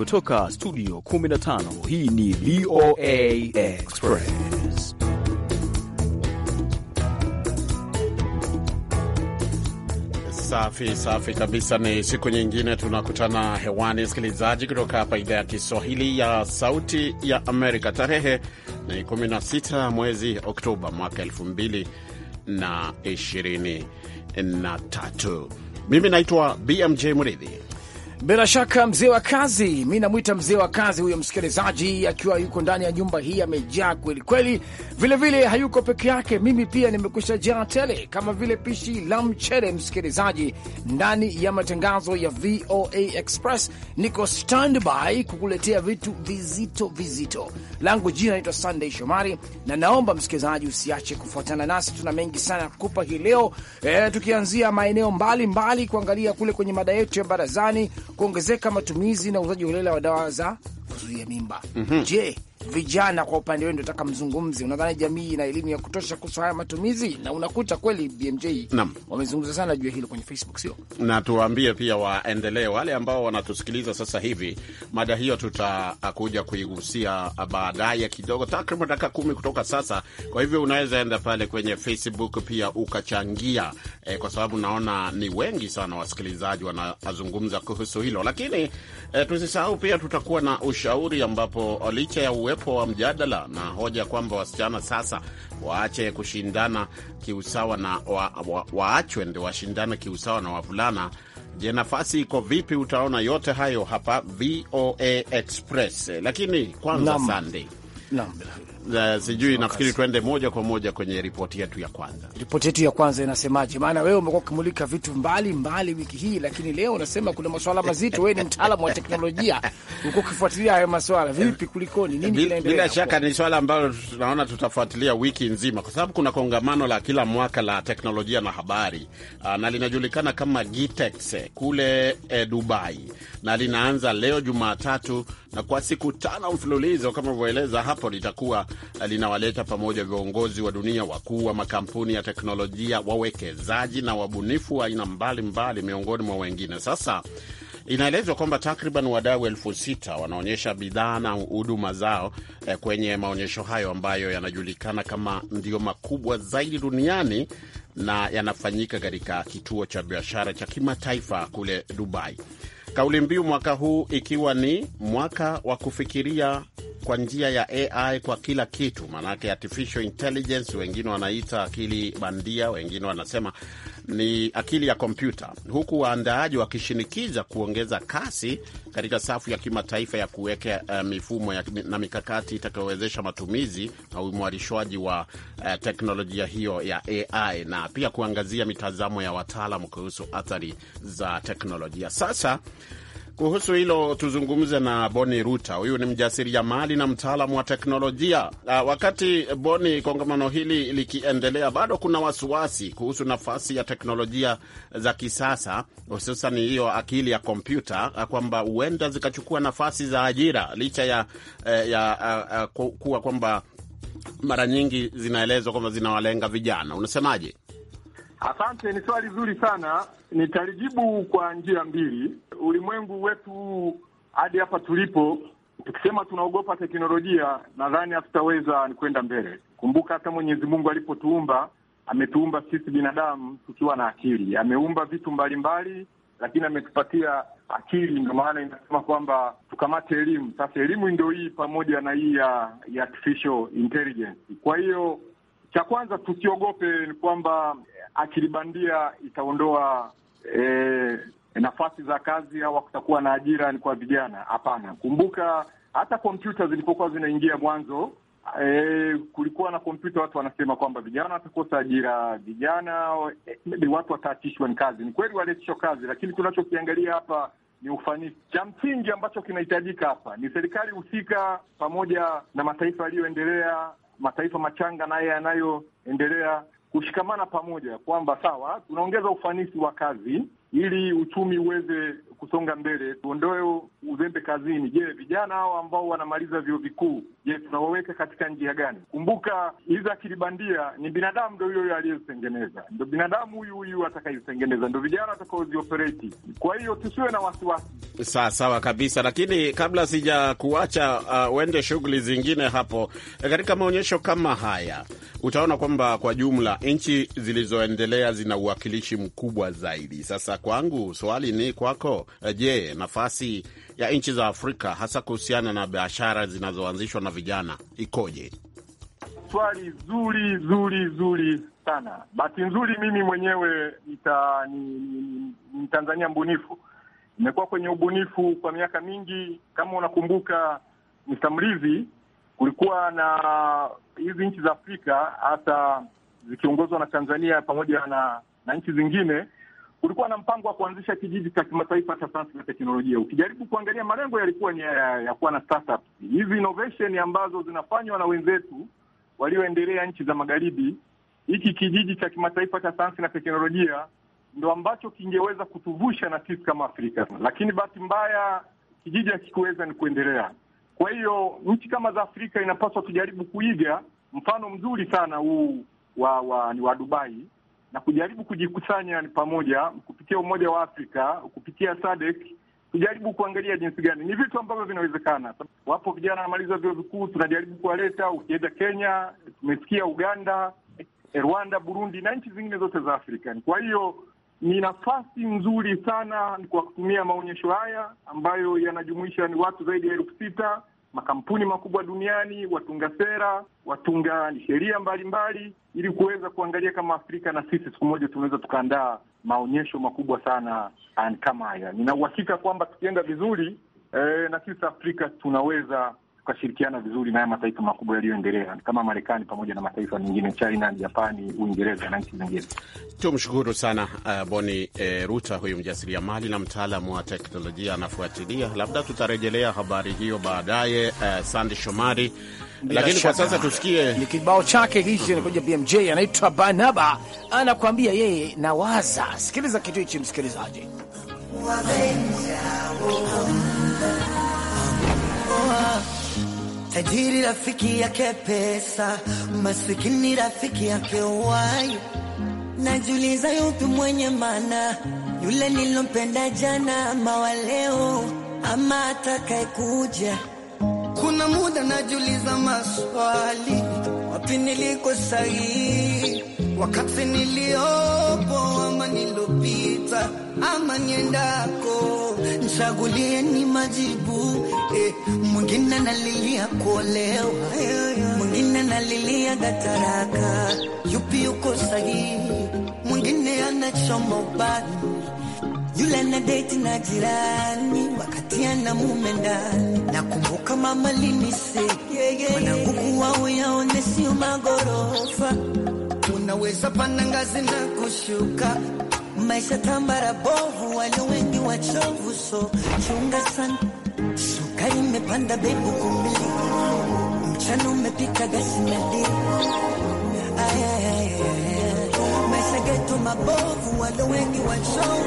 kutoka studio 15 hii ni VOA Express safi safi kabisa ni siku nyingine tunakutana hewani msikilizaji kutoka hapa idhaa ya kiswahili ya sauti ya amerika tarehe ni 16 mwezi oktoba mwaka 2023 mimi naitwa bmj mridhi bila shaka mzee wa kazi, mi namwita mzee wa kazi huyo msikilizaji, akiwa yuko ndani ya nyumba hii amejaa kwelikweli. Vilevile hayuko peke yake, mimi pia nimekusha jaa tele kama vile pishi la mchele. Msikilizaji, ndani ya matangazo ya VOA Express niko standby kukuletea vitu vizito vizito. Langu jina naitwa Sunday Shomari, na naomba msikilizaji usiache kufuatana nasi, tuna mengi sana kupa kukupa hii leo, e, tukianzia maeneo mbalimbali kuangalia kule kwenye mada yetu ya barazani kuongezeka matumizi na uuzaji holela wa dawa za kuzuia mimba. mm -hmm. Je, vijana kwa upande wenu nataka mzungumzi, unadhani jamii ina elimu ya kutosha kuhusu haya matumizi? Na unakuta kweli BMJ wamezungumza sana juu ya hilo kwenye Facebook, sio? Na tuwaambie pia waendelee wale ambao wanatusikiliza sasa hivi. Mada hiyo tutakuja kuigusia baadaye kidogo, takriban dakika kumi kutoka sasa. Kwa hivyo unaweza enda pale kwenye Facebook pia ukachangia eh, kwa sababu naona ni wengi sana wasikilizaji wanazungumza kuhusu hilo, lakini eh, tusisahau pia tutakuwa na ushauri ambapo licha ya uwe uwepo wa mjadala na hoja kwamba wasichana sasa waache kushindana kiusawa na wa, wa, waachwe ndio washindane kiusawa na wavulana. Je, nafasi iko vipi? Utaona yote hayo hapa VOA Express, lakini kwanza Sande Uh, sijui no, nafikiri tuende moja kwa moja kwenye ripoti yetu ya kwanza. Ripoti yetu ya kwanza inasemaje? Maana wewe umekuwa ukimulika vitu mbali mbali wiki hii, lakini leo unasema kuna masuala mazito. Wewe ni mtaalamu wa teknolojia, uko ukifuatilia hayo masuala vipi? Kulikoni, nini kinaendelea? Bila shaka ni swala ambalo tunaona tutafuatilia wiki nzima, kwa sababu kuna kongamano la kila mwaka la teknolojia na habari uh, na linajulikana kama Gitex kule eh, Dubai, na linaanza leo Jumatatu na kwa siku tano mfululizo kama vyoeleza hapo litakuwa linawaleta pamoja viongozi wa dunia, wakuu wa makampuni ya teknolojia, wawekezaji na wabunifu wa aina mbalimbali, miongoni mwa wengine. Sasa inaelezwa kwamba takriban wadau elfu sita wanaonyesha bidhaa na huduma zao eh, kwenye maonyesho hayo ambayo yanajulikana kama ndio makubwa zaidi duniani na yanafanyika katika kituo cha biashara cha kimataifa kule Dubai. Kauli mbiu mwaka huu ikiwa ni mwaka wa kufikiria kwa njia ya AI kwa kila kitu, maanake artificial intelligence, wengine wanaita akili bandia, wengine wanasema ni akili ya kompyuta, huku waandaaji wakishinikiza kuongeza kasi katika safu ya kimataifa ya kuweka uh, mifumo ya, na mikakati itakayowezesha matumizi na uimarishwaji wa uh, teknolojia hiyo ya AI na pia kuangazia mitazamo ya wataalam kuhusu athari za teknolojia. Sasa kuhusu hilo tuzungumze na Boni Ruta. Huyu ni mjasiriamali na mtaalamu wa teknolojia. Ah, wakati Boni, kongamano hili likiendelea, bado kuna wasiwasi kuhusu nafasi ya teknolojia za kisasa, hususan hiyo akili ya kompyuta, ah, kwamba huenda zikachukua nafasi za ajira, licha ya, eh, ya, ya, ah, ya kuwa kwamba mara nyingi zinaelezwa kwamba zinawalenga vijana. Unasemaje? Asante, ni swali zuri sana. Nitalijibu kwa njia mbili. Ulimwengu wetu hadi hapa tulipo, tukisema tunaogopa teknolojia, nadhani hatutaweza ni kwenda mbele. Kumbuka hata Mwenyezi Mungu alipotuumba, ametuumba sisi binadamu tukiwa na akili. Ameumba vitu mbalimbali, lakini ametupatia akili. Ndio maana inasema kwamba tukamate elimu. Sasa elimu ndio hii, pamoja na hii ya, ya artificial intelligence. Kwa hiyo cha kwanza tusiogope ni kwamba akili bandia itaondoa e, nafasi za kazi au kutakuwa na ajira ni kwa vijana? Hapana. Kumbuka hata kompyuta zilipokuwa zinaingia mwanzo E, kulikuwa na kompyuta, watu wanasema kwamba vijana watakosa ajira, vijana ni e, watu wataachishwa ni kazi. Ni kweli waliachishwa kazi, lakini tunachokiangalia hapa ni ufanisi. Cha msingi ambacho kinahitajika hapa ni serikali husika pamoja na mataifa yaliyoendelea, mataifa machanga naye yanayoendelea kushikamana pamoja, kwamba sawa, tunaongeza ufanisi wa kazi ili uchumi uweze kusonga mbele, tuondoe uzembe kazini. Je, vijana hao ambao wanamaliza vyuo vikuu, je, tunawaweka katika njia gani? Kumbuka hizi akili bandia ni binadamu ndo huyo huyo aliyezitengeneza, ndo binadamu huyu huyu atakayezitengeneza, ndo vijana watakaoziopereti. Kwa hiyo tusiwe na wasiwasi. Sawa sawa kabisa, lakini kabla sija kuacha uh, uende uh, shughuli zingine hapo katika maonyesho kama haya, utaona kwamba kwa jumla nchi zilizoendelea zina uwakilishi mkubwa zaidi. Sasa kwangu swali ni kwako. Eh, je, nafasi ya nchi za Afrika hasa kuhusiana na biashara zinazoanzishwa na vijana ikoje? Swali zuri zuri zuri sana. Bahati nzuri mimi mwenyewe nita, ni, ni, ni Tanzania mbunifu, nimekuwa kwenye ubunifu kwa miaka mingi. Kama unakumbuka Mr. kulikuwa na hizi nchi za Afrika hasa zikiongozwa na Tanzania pamoja na, na nchi zingine kulikuwa na mpango wa kuanzisha kijiji cha kimataifa cha sayansi na teknolojia. Ukijaribu kuangalia, malengo yalikuwa ni ya, eh, ya kuwa na startup hizi innovation ambazo zinafanywa na wenzetu walioendelea nchi za magharibi. Hiki kijiji cha kimataifa cha sayansi na teknolojia ndo ambacho kingeweza kutuvusha na sisi kama Afrika, lakini bahati mbaya kijiji hakikuweza ni kuendelea. Kwa hiyo nchi kama za Afrika inapaswa tujaribu kuiga mfano mzuri sana huu wa, wa, ni wa Dubai na kujaribu kujikusanya pamoja kupitia Umoja wa Afrika, kupitia SADC, tujaribu kuangalia jinsi gani. Ni vitu ambavyo vinawezekana. Wapo vijana wanamaliza vyuo vikuu, tunajaribu kuwaleta. Ukienda Kenya, tumesikia Uganda, Rwanda, Burundi na nchi zingine zote za Afrika. Kwa hiyo ni nafasi nzuri sana kwa kutumia maonyesho haya ambayo yanajumuisha ni watu zaidi ya elfu sita makampuni makubwa duniani, watunga sera, watunga sheria mbalimbali, ili kuweza kuangalia kama Afrika na sisi siku moja tunaweza tukaandaa maonyesho makubwa sana kama haya. Nina uhakika kwamba tukienda vizuri, e, na sisi Afrika tunaweza tukashirikiana vizuri na haya mataifa makubwa yaliyoendelea kama Marekani pamoja na mataifa mengine, China, Japani, Uingereza na nchi zingine. Tumshukuru sana uh, Boni e, Ruta, huyu mjasiriamali na mtaalamu wa teknolojia anafuatilia. Labda tutarejelea habari hiyo baadaye. Uh, eh, Sandi Shomari, lakini kwa sasa tusikie ni kibao chake hichi. Anakuja BMJ, anaitwa Banaba, anakuambia yeye na waza. Sikiliza kitu hichi, msikilizaji Tajiri rafiki yake pesa, masikini rafiki yake wai. najiuliza yupi mwenye maana, yule nilompenda jana ama wa leo ama atakaye kuja? Kuna muda najiuliza maswali, wapi niliko sahihi, wakati niliopo ama nilopita ama niendako ni majibu eh. Mwingine nalilia kuolewa, mwingine nalilia gataraka, yupi yuko sahihi? Mwingine anachoma ubani, yule na date na jirani, wakati ana mume ndani. Nakumbuka mama linise mwanangu, kuwao yaone sio magorofa, unaweza pana ngazi na kushuka maisha tambara bovu, walio wengi wachovu, so chunga sana. Sukari imepanda bebu kumi, mchana umepika gasi meli. Maisha geto mabovu, walio wengi wachovu,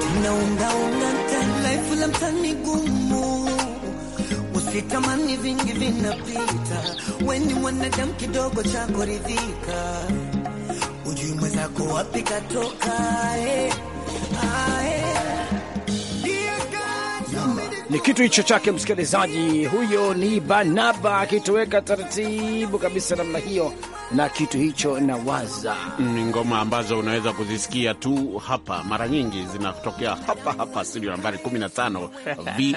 tunaungaunga mtani, life la mtani gumu usitamani vingi vinapita, weni mwanadamu kidogo cha kuridhika wapi katoka eh, ni kitu hicho chake msikilizaji. Huyo ni Banaba akitoweka taratibu kabisa namna hiyo na kitu hicho na waza ni ngoma ambazo unaweza kuzisikia tu hapa, mara nyingi zinatokea hapa hapa studio nambari 15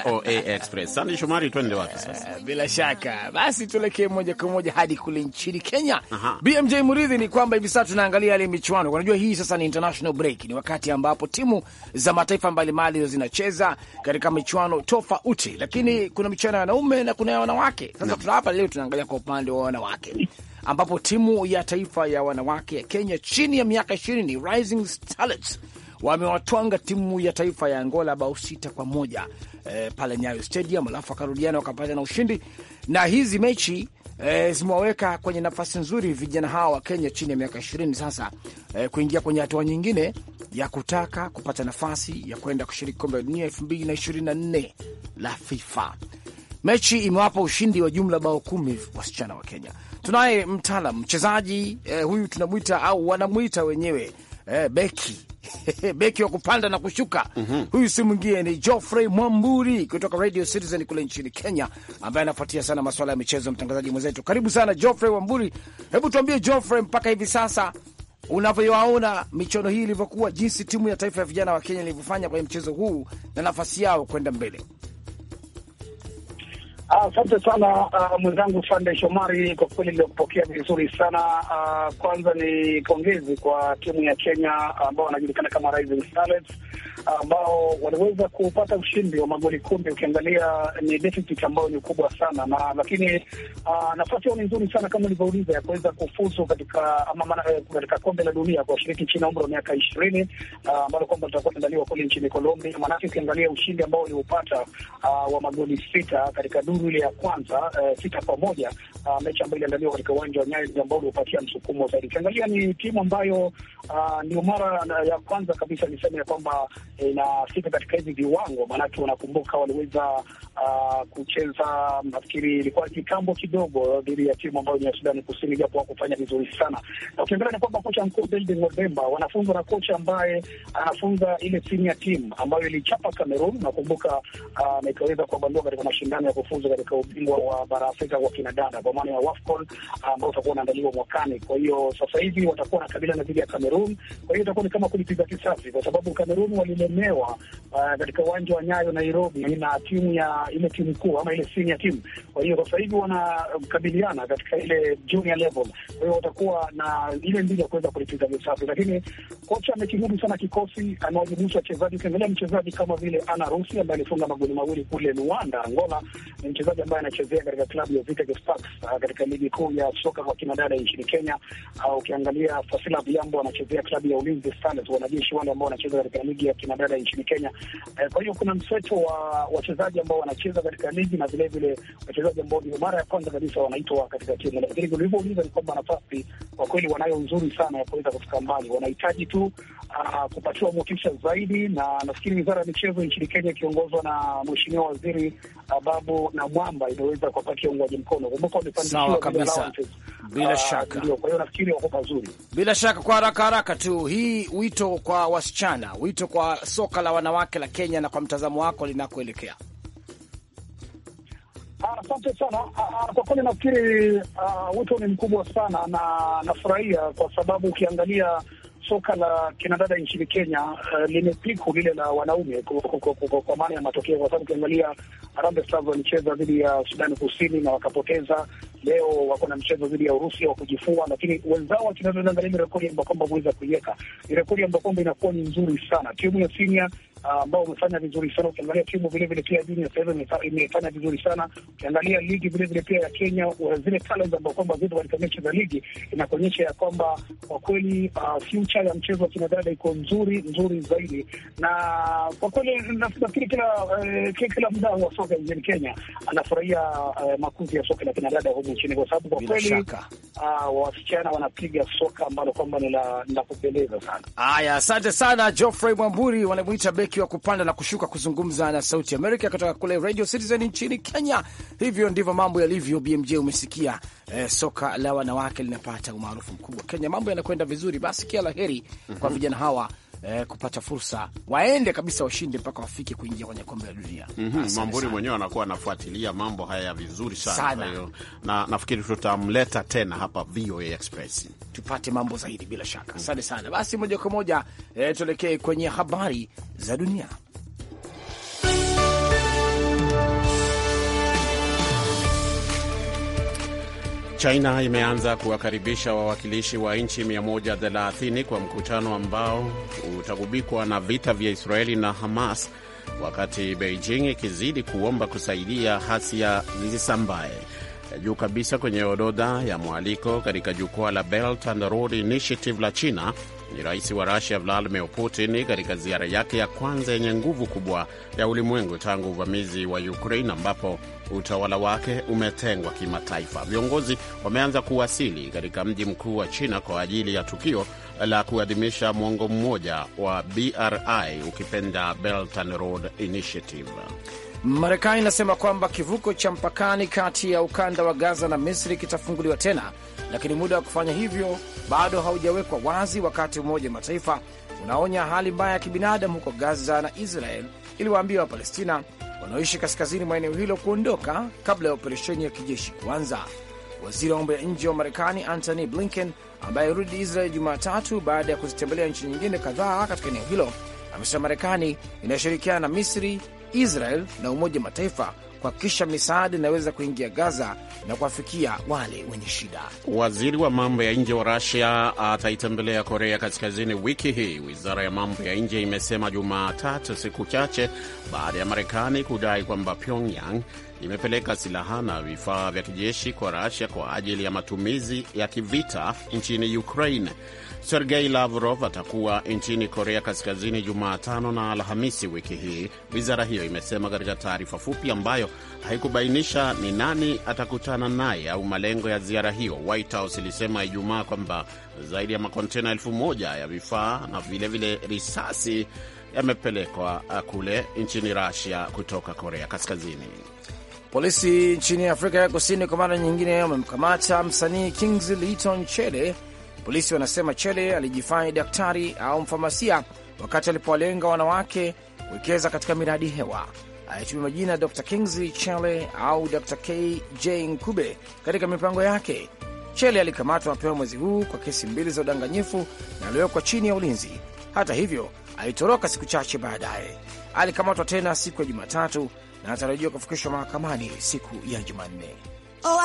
VOA Express. Sandi Shomari, twende wapi sasa? Eh, bila shaka basi tuelekee moja kwa moja hadi kule nchini Kenya. Aha. BMJ Muridhi, ni kwamba hivi sasa tunaangalia ile michuano. Unajua hii sasa ni international break, ni wakati ambapo timu za mataifa mbalimbali zinacheza katika michuano tofauti, lakini mm-hmm. kuna michuano ya wanaume na kuna ya wanawake. Sasa tuna hapa leo tunaangalia kwa upande wa wanawake ambapo timu ya taifa ya wanawake ya Kenya chini ya miaka ishirini Rising Starlets wamewatwanga timu ya taifa ya Angola bao sita kwa moja e, pale Nyayo Stadium, alafu wakarudiana wakapata na ushindi. Na hizi mechi e, zimewaweka kwenye nafasi nzuri vijana hawa wa Kenya chini ya miaka ishirini sasa e, kuingia kwenye hatua nyingine ya kutaka kupata nafasi ya kwenda kushiriki kombe la dunia elfu mbili na ishirini na nne la FIFA. Mechi imewapa ushindi wa jumla bao kumi wasichana wa Kenya. Tunaye mtaalam mchezaji eh, huyu tunamwita au wanamwita wenyewe eh, beki beki wa kupanda na kushuka mm -hmm. Huyu si mwingine ni Geoffrey Mwamburi kutoka Radio Citizen kule nchini Kenya, ambaye anafuatia sana masuala ya michezo, mtangazaji mwenzetu. Karibu sana Geoffrey Mwamburi, hebu tuambie Geoffrey, mpaka hivi sasa unavyowaona michuano hii ilivyokuwa, jinsi timu ya taifa ya vijana wa Kenya ilivyofanya kwenye mchezo huu na nafasi yao kwenda mbele. Asante uh, sana uh, mwenzangu Sande Shomari, kwa kweli nimekupokea vizuri sana uh, kwanza ni pongezi kwa timu ya Kenya ambao uh, wanajulikana kama Rising Stars ambao waliweza kupata ushindi wa magoli kumi. Ukiangalia ni deficit ambayo ni kubwa sana na lakini uh, nafasi yao ni nzuri sana kama ulivyouliza, ya kuweza kufuzu katika ama eh, katika kombe la dunia kwa washiriki chini ya umri wa miaka ishirini ah, ambalo uh, kwamba litakuwa limeandaliwa kule nchini Colombia. Maanake ukiangalia ushindi ambao waliupata uh, wa magoli sita katika duru ile ya kwanza uh, sita kwa moja uh, mechi ambayo iliandaliwa katika uwanja wa Nyayo ambao uliupatia msukumo zaidi. Ukiangalia ni timu ambayo uh, ndio mara ya kwanza kabisa niseme ya kwamba inafika katika hivi viwango, maanake unakumbuka waliweza uh, kucheza nafikiri ilikuwa kitambo kidogo dhidi ya timu ambayo ni ya Sudani Kusini, japo wakufanya vizuri sana, na ukiangalia ni kwamba kocha mkuu David Wademba wanafunzwa na kocha ambaye anafunza ile timu ya timu ambayo ilichapa Cameroon, nakumbuka uh, na ikaweza kuwabandua katika mashindano ya kufuzu katika ubingwa wa bara Afrika kwa kinadada kwa maana ya WAFCON uh, ambao uh, utakuwa unaandaliwa mwakani. Kwa hiyo sasa hivi watakuwa na dhidi ya Cameroon, kwa hiyo itakuwa ni kama kulipiza kisasi, kwa sababu Cameroon walile kulemewa uh, katika uwanja wa Nyayo Nairobi na timu ya ile timu kuu ama ile senior timu. Kwa hiyo sasa hivi wanakabiliana um, katika ile junior level, kwa hiyo watakuwa na ile mbili ya kuweza kulipiza visasi, lakini kocha amekimudu sana kikosi, amewajibusha wachezaji. Ukiangalia mchezaji kama vile Ana Rusi ambaye alifunga magoli mawili kule Luanda, Angola, ni mchezaji ambaye anachezea katika klabu ya Vitege Sparks uh, katika ligi kuu ya soka kwa kinadada nchini Kenya. Uh, ukiangalia Fasila Viambo anachezea klabu ya Ulinzi Stars, wanajeshi wale ambao wanacheza katika ligi ya kinadada kandada nchini Kenya. Eh, kwa hiyo kuna mseto wa wachezaji ambao wanacheza katika ligi na vilevile wachezaji ambao ndio mara ya kwanza kabisa wanaitwa katika timu, lakini ulivyouliza ni kwamba nafasi kwa kweli wanayo nzuri sana ya kuweza kufika mbali, wanahitaji tu uh, kupatiwa motisha zaidi, na nafikiri wizara ya michezo nchini Kenya ikiongozwa na mheshimiwa waziri uh, Babu na Mwamba imeweza kuwapa uungwaji mkono. Kumbuka wamefanikiwa kabisa, bila shaka ndio. Kwa hiyo nafikiri wako pazuri, bila shaka. Kwa haraka haraka tu, hii wito kwa wasichana, wito kwa soka la wanawake la Kenya, na kwa mtazamo wako linakoelekea? Asante sana kwa kweli, nafikiri wito ni mkubwa sana na nafurahia kwa sababu ukiangalia soka la kinadada nchini Kenya uh, eh, limepiku lile la wanaume kwa maana ya matokeo, kwa sababu ukiangalia Harambee Stars walicheza dhidi ya Sudani Kusini na wakapoteza. Leo wako na mchezo dhidi ya Urusi wa kujifua, lakini wenzao wakinadada, naangalia rekodi ya Mbakomba wameweza kuiweka, ni rekodi ya Mbakomba inakuwa ni nzuri sana. Timu ya Senior ambao umefanya vizuri sana. Ukiangalia timu vilevile pia jini sasa imefanya vizuri sana. Ukiangalia ligi vilevile pia ya Kenya, zile talent ambao kwamba ziko katika mechi za ligi, inakuonyesha ya kwamba kwa kweli uh, future ya mchezo wa kinadada iko nzuri nzuri zaidi, na kwa kweli nafikiri kila eh, kila mdau wa soka nchini Kenya anafurahia eh, makuzi ya soka la kinadada humu nchini, kwa sababu kwa kweli uh, wasichana wanapiga soka ambalo kwamba ni la kupendeza sana. Haya, asante sana Geoffrey Mwamburi, wanamuita beki umefanikiwa kupanda na kushuka kuzungumza na Sauti Amerika kutoka kule Radio Citizen nchini Kenya. Hivyo ndivyo mambo yalivyo, BMJ umesikia. Eh, soka la wanawake linapata umaarufu mkubwa Kenya, mambo yanakwenda vizuri. Basi kila la heri mm -hmm. kwa mhm. vijana hawa Eh, kupata fursa waende kabisa washinde mpaka wafike kuingia kwenye kombe la dunia. mm -hmm. Mamburi mwenyewe anakuwa anafuatilia mambo haya vizuri sana, sana. Na nafikiri tutamleta tena hapa VOA Express tupate mambo zaidi bila shaka. Asante mm -hmm. sana. Basi moja kwa moja eh, tuelekee kwenye habari za dunia. China imeanza kuwakaribisha wawakilishi wa nchi 130 kwa mkutano ambao utagubikwa na vita vya Israeli na Hamas, wakati Beijing ikizidi kuomba kusaidia hasia zisambae. juu kabisa kwenye orodha ya mwaliko katika jukwaa la Belt and Road Initiative la China ni rais wa Rusia Vladimir Putin katika ziara yake ya kwanza yenye nguvu kubwa ya ulimwengu tangu uvamizi wa Ukraine ambapo utawala wake umetengwa kimataifa. Viongozi wameanza kuwasili katika mji mkuu wa China kwa ajili ya tukio la kuadhimisha mwongo mmoja wa BRI, ukipenda Belt and Road Initiative. Marekani inasema kwamba kivuko cha mpakani kati ya ukanda wa Gaza na Misri kitafunguliwa tena, lakini muda wa kufanya hivyo bado haujawekwa wazi, wakati Umoja wa Mataifa unaonya hali mbaya ya kibinadamu huko Gaza na Israel iliwaambia Wapalestina wanaoishi kaskazini mwa eneo hilo kuondoka kabla ya operesheni ya kijeshi kuanza. Waziri wa mambo ya nje wa Marekani Antony Blinken, ambaye alirudi Israel Jumatatu baada ya kuzitembelea nchi nyingine kadhaa katika eneo hilo, amesema Marekani inayoshirikiana na Misri, Israel na Umoja wa Mataifa kuhakikisha misaada inaweza kuingia Gaza na kuwafikia wale wenye shida. Waziri wa mambo ya nje wa Rusia ataitembelea Korea Kaskazini wiki hii, wizara ya mambo ya nje imesema Jumatatu, siku chache baada ya Marekani kudai kwamba Pyongyang imepeleka silaha na vifaa vya kijeshi kwa Rusia kwa ajili ya matumizi ya kivita nchini Ukraine. Sergei Lavrov atakuwa nchini Korea Kaskazini Jumatano na Alhamisi wiki hii, wizara hiyo imesema katika taarifa fupi ambayo haikubainisha ni nani atakutana naye au malengo ya ziara hiyo. White House ilisema Ijumaa kwamba zaidi ya makontena elfu moja ya vifaa na vilevile vile risasi yamepelekwa uh, kule nchini Rusia kutoka Korea Kaskazini. Polisi nchini Afrika ya Kusini kwa mara nyingine wamemkamata msanii Kingsley Leton Chede Polisi wanasema Chele alijifanya daktari au mfamasia wakati alipowalenga wanawake kuwekeza katika miradi hewa. Alitumia majina Dr Kingsley Chele au Dr KJ Nkube katika mipango yake. Chele alikamatwa mapema mwezi huu kwa kesi mbili za udanganyifu na aliwekwa chini ya ulinzi. Hata hivyo, alitoroka siku chache baadaye. Alikamatwa tena siku ya Jumatatu na anatarajiwa kufikishwa mahakamani siku ya Jumanne. oh,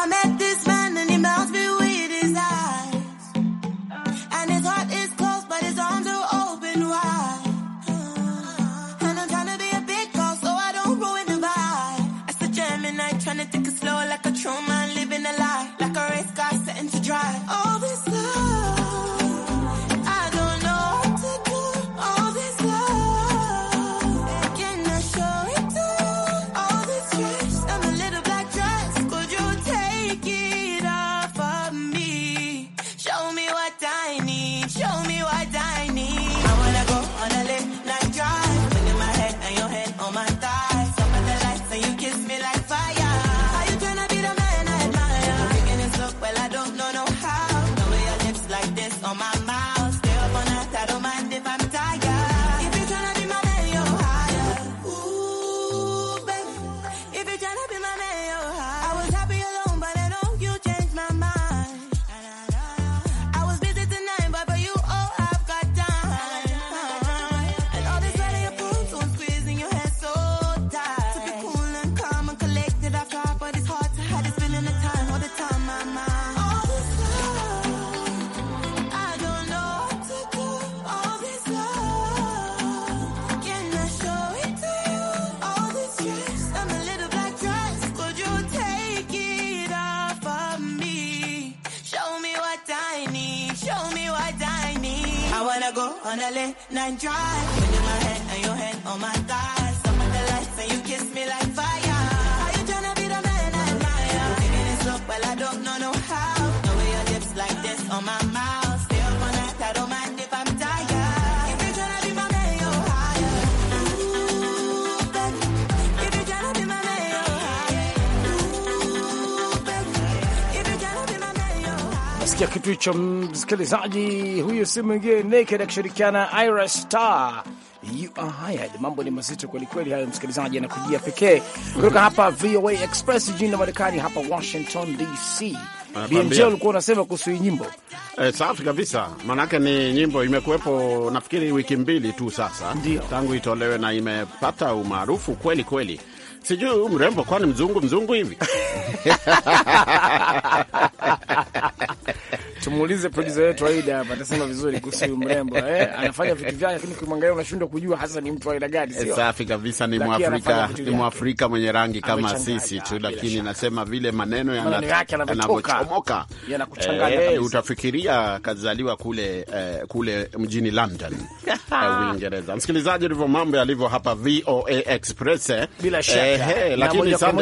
and drive. Wind in my head and your head on mine. Umesikia kitu hicho mm, msikilizaji, huyo si mwingine Naked akishirikiana Ira Star. You are hired. Mambo ni mazito kwelikweli hayo, msikilizaji, anakujia pekee kutoka hapa VOA Express jijini la Marekani, hapa Washington DC. BMJ ulikuwa unasema kuhusu hii nyimbo eh? Safi kabisa, maanake ni nyimbo imekuwepo nafikiri wiki mbili tu sasa, ndiyo, tangu itolewe na imepata umaarufu kweli kweli. Sijui huyu mrembo kwani mzungu mzungu hivi Tumuulize producer wetu Aida hapa, atasema vizuri kuhusu huyu mrembo eh, anafanya vitu vyake, lakini ukimwangalia unashindwa kujua hasa ni mtu wa aina gani. Sio safi kabisa, ni Mwafrika, ni Mwafrika mwenye rangi kama sisi tu, lakini nasema vile maneno yanachomoka yanakuchanganya, eh, utafikiria kazaliwa kule eh, kule mjini London, eh, Uingereza. Msikilizaji, ndivyo mambo yalivyo hapa VOA Express, eh. bila shaka. eh, Lakini sasa,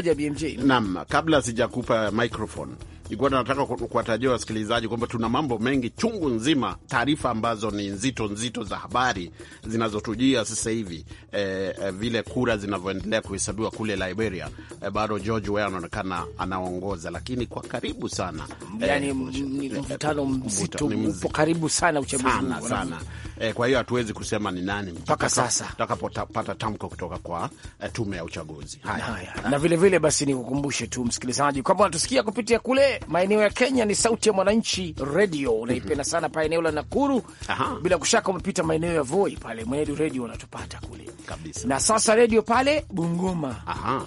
naam, kabla sijakupa microphone nilikuwa nataka kuwatajia wasikilizaji kwamba tuna mambo mengi chungu nzima, taarifa ambazo ni nzito nzito za habari zinazotujia sasa hivi e, e, vile kura zinavyoendelea kuhesabiwa kule Liberia e, bado George Weah anaonekana anaongoza, lakini kwa karibu sana, yani mvutano mzito upo karibu sana uchaguzi sana Eh, kwa hiyo hatuwezi kusema ni nani mpaka sasa tutakapopata tamko kutoka kwa eh, tume ya uchaguzi. Haya, haya. Na vile vile basi nikukumbushe tu msikilizaji kwamba natusikia kupitia kule maeneo ya Kenya ni sauti ya mwananchi radio unaipenda mm -hmm. sana pale eneo la Nakuru. Aha. Bila kushaka umepita maeneo ya Voi pale mwenedu radio unatupata kule kabisa, na sasa radio pale Bungoma.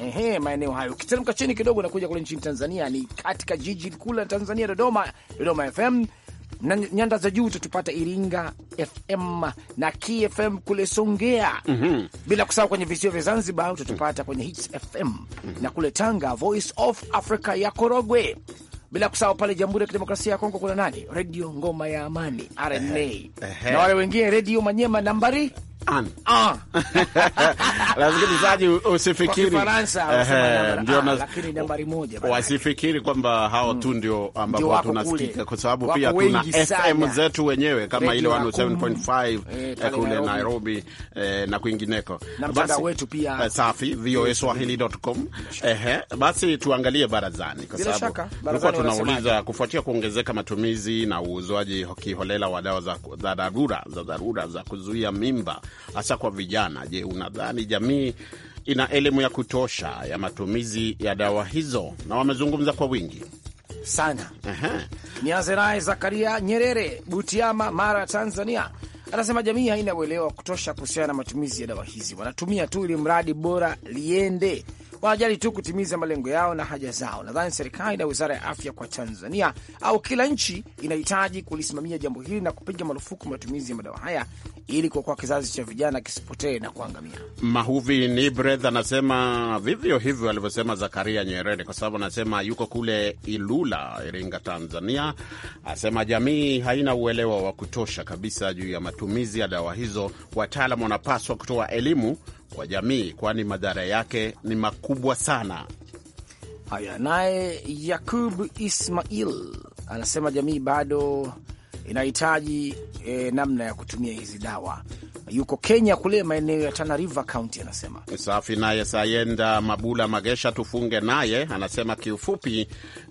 Ehe, maeneo hayo ukiteremka chini kidogo na kuja kule nchini Tanzania ni katika jiji kuu la Tanzania Dodoma, Dodoma FM nyanda za juu utatupata Iringa FM na KFM kule Songea, mm -hmm. bila kusahau kwenye visio vya Zanzibar utatupata kwenye Hits FM mm -hmm. na kule Tanga Voice of Africa ya Korogwe bila kusahau pale Jamhuri ya Kidemokrasia ya Kongo kuna nani, Redio Ngoma ya Amani RNA, uh -huh. na wale wengine Redio Manyema nambari Ah. usifikiri ah, wasifikiri kwamba hao tu mm. ndio ambao tunasikika, kwa sababu pia tuna FM zetu wenyewe kama ile 107.5 mm. eh, eh, kule Nairobi eh, na kwingineko, na wetu pia safi voaswahili.com. Ehe, basi tuangalie barazani, kwa sababu tulikuwa tunauliza kufuatia kuongezeka matumizi na uuzwaji kiholela wa dawa za dharura za dharura za kuzuia mimba hasa kwa vijana. Je, unadhani jamii ina elimu ya kutosha ya matumizi ya dawa hizo? Na wamezungumza kwa wingi sana. Nianze naye Zakaria Nyerere, Butiama, Mara, Tanzania, anasema jamii haina uelewa wa kutosha kuhusiana na matumizi ya dawa hizi, wanatumia tu ili mradi bora liende wanajali tu kutimiza malengo yao na haja zao. Nadhani serikali na wizara ya afya kwa Tanzania au kila nchi inahitaji kulisimamia jambo hili na kupiga marufuku matumizi ya madawa haya ili kuokoa kizazi cha vijana kisipotee na kuangamia. Mahuvi Nibreth anasema vivyo hivyo alivyosema Zakaria Nyerere, kwa sababu anasema yuko kule Ilula, Iringa, Tanzania. Asema jamii haina uelewa wa kutosha kabisa juu ya matumizi ya dawa hizo. Wataalam wanapaswa kutoa elimu kwa jamii, kwani madhara yake ni makubwa sana. Haya, naye Yakub Ismail anasema jamii bado inahitaji e, namna ya kutumia hizi dawa yuko Kenya kule maeneo ya Tana River County, anasema safi. Naye Sayenda Mabula Magesha, tufunge naye, anasema kiufupi,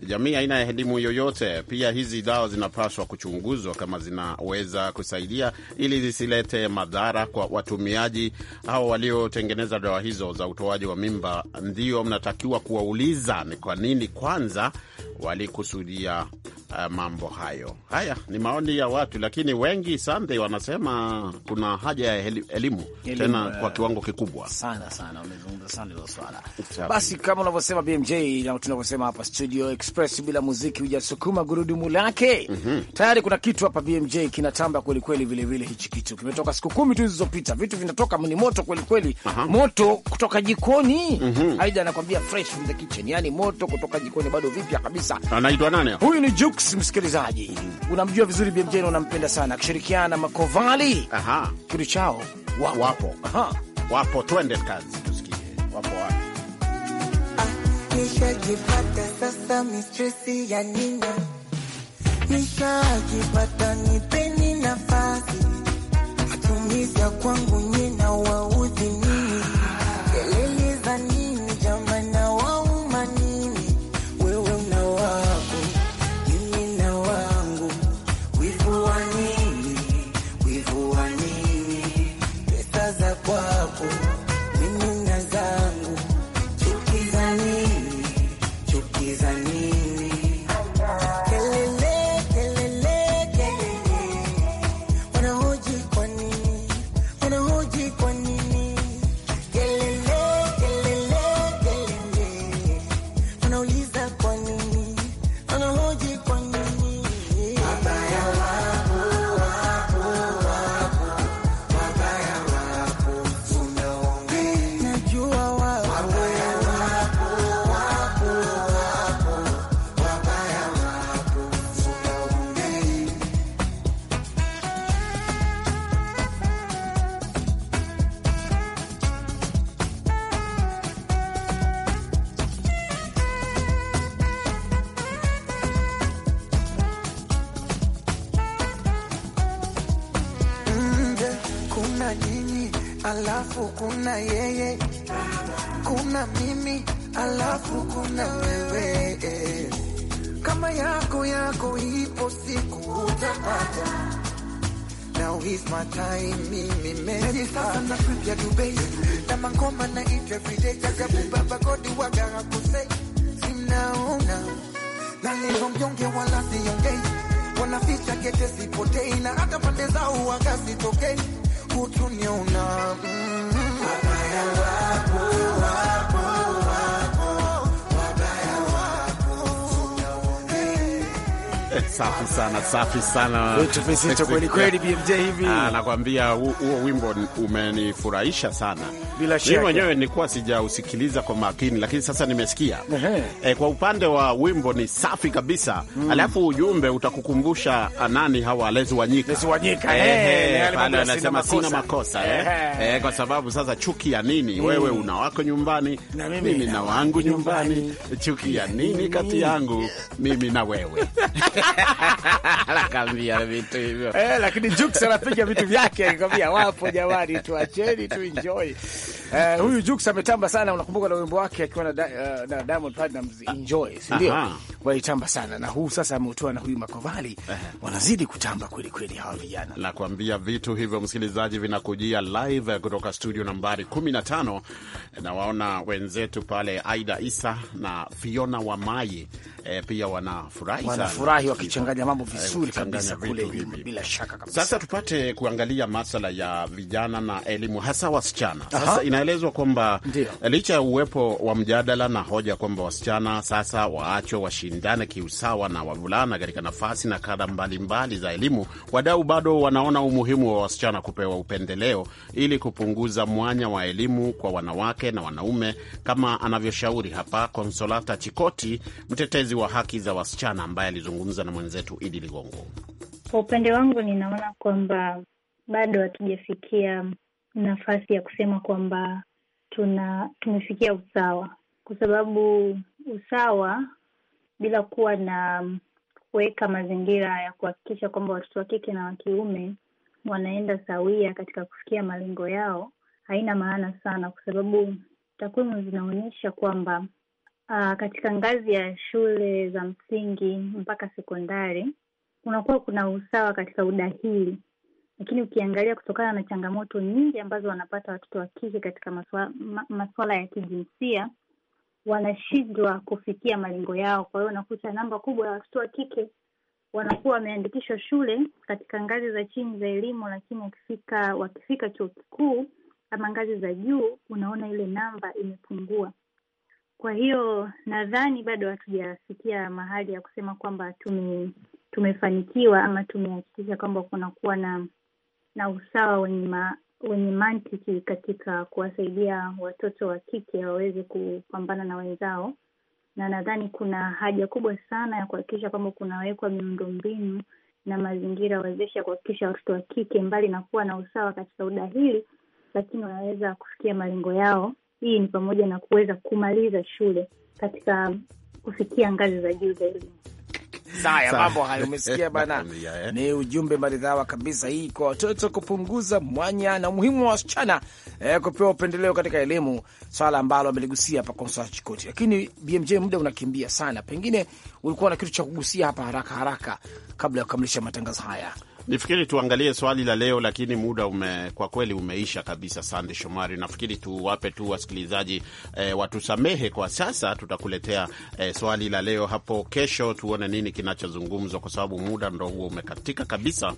jamii haina elimu yoyote. Pia hizi dawa zinapaswa kuchunguzwa kama zinaweza kusaidia, ili zisilete madhara kwa watumiaji au Waliotengeneza dawa hizo za utoaji wa mimba ndio mnatakiwa kuwauliza ni kwa nini kwanza walikusudia uh, mambo hayo. Haya ni maoni ya watu, lakini wengi Sunday wanasema kuna haja ya elimu tena uh, kwa kiwango kikubwa sana sana. Wamezungumza sana hilo swala. Basi kama unavyosema BMJ na tunavyosema hapa Studio Express, bila muziki hujasukuma gurudumu lake. mm -hmm. Tayari kuna kitu hapa BMJ kinatamba kwelikweli, vilevile hichi kitu kimetoka siku kumi tu zilizopita, vitu vinatoka ni moto kwelikweli. uh -huh. Moto kutoka jikoni. mm -hmm. Aida anakwambia fresh from the kitchen, yani moto kutoka jikoni bado vipya kabisa. Anaitwa nani huyu? Ni Juk Brooks, msikilizaji unamjua vizuri BMJ na unampenda sana, akishirikiana na Makovali kitu chao wapo wapo. Aha. Wapo, twende kazi tusikie wapo wapo Nishajipata sasa mistresi ya nina, nishajipata nipeni nafasi, matumizi ya kwangu alafu kuna yeye, kuna mimi, alafu kuna wewe. Kama yako yako ipo siku utapata. Now is my time, mimi sasa na kuja Dubai na mangoma na eat every day, kaka baba godi waga hakosei, simnaona na leo mjonge wala siongei, wanaficha kete sipotei na hata pande zao waga sitokei, okay. mm. wide world. Safi sana, safi sana, eh, kweli kweli BMJ hivi. Ah, nakwambia huo wimbo umenifurahisha sana. Bila shaka mimi mwenyewe nilikuwa sijausikiliza kwa makini, lakini sasa nimesikia. E, kwa upande wa wimbo ni safi kabisa mm. Alafu ujumbe utakukumbusha ah, nani hawa Lezi Wanyika, Lezi Wanyika, eh, anasema sina makosa eh? eh, kwa sababu sasa chuki ya nini mm. Wewe una wako nyumbani na mimi, mimi na wangu nyumbani, nyumbani. Chuki ya nini kati yangu mimi na wewe Anakambia vitu hivyo eh, lakini Jux anapiga vitu vyake, akikwambia, wapo jamani, tuacheni tu enjoy. Eh, huyu Jux ametamba sana, unakumbuka na wimbo wake akiwa na, uh, na Diamond Platnumz enjoy, si ndio? Waitamba sana na huu sasa ameutoa na huyu Makovali eh. wanazidi kutamba kweli kweli hawa vijana. Nakwambia vitu hivyo, msikilizaji, vinakujia live kutoka studio nambari 15 na waona wenzetu pale Aida Isa na Fiona Wamai eh, pia wanafurahi sana. Wanafurahi wakichanganya mambo vizuri kabisa kule nyuma, bila shaka kabisa. Sasa tupate kuangalia masala ya vijana na elimu, hasa wasichana. Sasa inaelezwa kwamba licha ya uwepo wa mjadala na hoja kwamba wasichana sasa waachwe washindane kiusawa na wavulana katika nafasi na kadha mbalimbali za elimu, wadau bado wanaona umuhimu wa wasichana kupewa upendeleo ili kupunguza mwanya wa elimu kwa wanawake na wanaume, kama anavyoshauri hapa Konsolata Chikoti, mtetezi wa haki za wasichana ambaye alizungumza amezungumza na mwenzetu Idi Ligongo. Kwa upande wangu, ninaona kwamba bado hatujafikia nafasi ya kusema kwamba tuna tumefikia usawa, kwa sababu usawa bila kuwa na kuweka mazingira ya kuhakikisha kwamba watoto wa kike na wa kiume wanaenda sawia katika kufikia malengo yao haina maana sana, kwa sababu takwimu zinaonyesha kwamba uh, katika ngazi ya shule za msingi mpaka sekondari kunakuwa kuna usawa katika udahili, lakini ukiangalia kutokana na changamoto nyingi ambazo wanapata watoto wa kike katika masuala ma, masuala ya kijinsia wanashindwa kufikia malengo yao. Kwa hiyo unakuta namba kubwa ya watoto wa kike wanakuwa wameandikishwa shule katika ngazi za chini za elimu, lakini wakifika wakifika chuo kikuu ama ngazi za juu, unaona ile namba imepungua. Kwa hiyo nadhani bado hatujafikia mahali ya kusema kwamba tume, tumefanikiwa ama tumehakikisha kwamba kunakuwa na na usawa wenye ma, wenye mantiki katika kuwasaidia watoto wa kike waweze kupambana na wenzao, na nadhani kuna haja kubwa sana ya kuhakikisha kwamba kunawekwa miundombinu na mazingira wawezesha ya kuhakikisha watoto wa kike, mbali na kuwa na usawa katika udahili, lakini wanaweza kufikia malengo yao hii ni pamoja na kuweza kumaliza shule katika kufikia ngazi za juu za elimu. Saya. mambo hayo, umesikia bana, eh? ni ujumbe maridhawa kabisa hii kwa watoto, kupunguza mwanya na umuhimu wa wasichana eh, kupewa upendeleo katika elimu, swala ambalo ameligusia hapa Konsaa Chikoti. Lakini BMJ, muda unakimbia sana, pengine ulikuwa na kitu cha kugusia hapa haraka haraka kabla ya kukamilisha matangazo haya. Nifikiri tuangalie swali la leo, lakini muda ume, kwa kweli umeisha kabisa. Sande Shomari, nafikiri tuwape tu wasikilizaji e, watusamehe kwa sasa. Tutakuletea e, swali la leo hapo kesho, tuone nini kinachozungumzwa, kwa sababu muda ndo huo umekatika kabisa.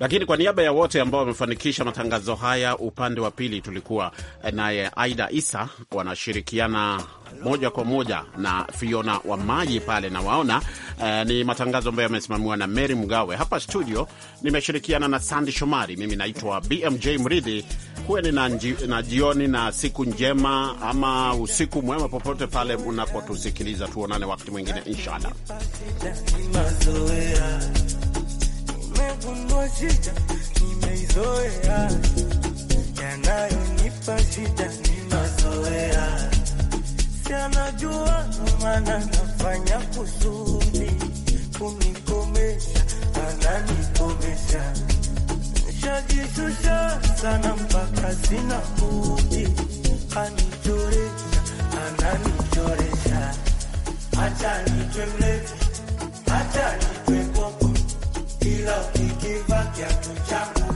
Lakini kwa niaba ya wote ambao wamefanikisha matangazo haya, upande wa pili tulikuwa eh, naye Aida Isa, wanashirikiana moja kwa moja na Fiona wa maji pale nawaona E, ni matangazo ambayo yamesimamiwa na Mary Mgawe hapa studio nimeshirikiana na Sandi Shomari. Mimi naitwa BMJ Mridhi. Kuweni na, na jioni na siku njema ama usiku mwema popote pale unapotusikiliza. Tuonane wakati mwingine inshallah. Anajua maana nafanya kusudi kunikomesha ananikomesha, nishajishusha sana mpaka sina budi, kanichoresha ananichoresha, acha nitwe mlevi, acha nitwe koko, ila ukikivakya tu changu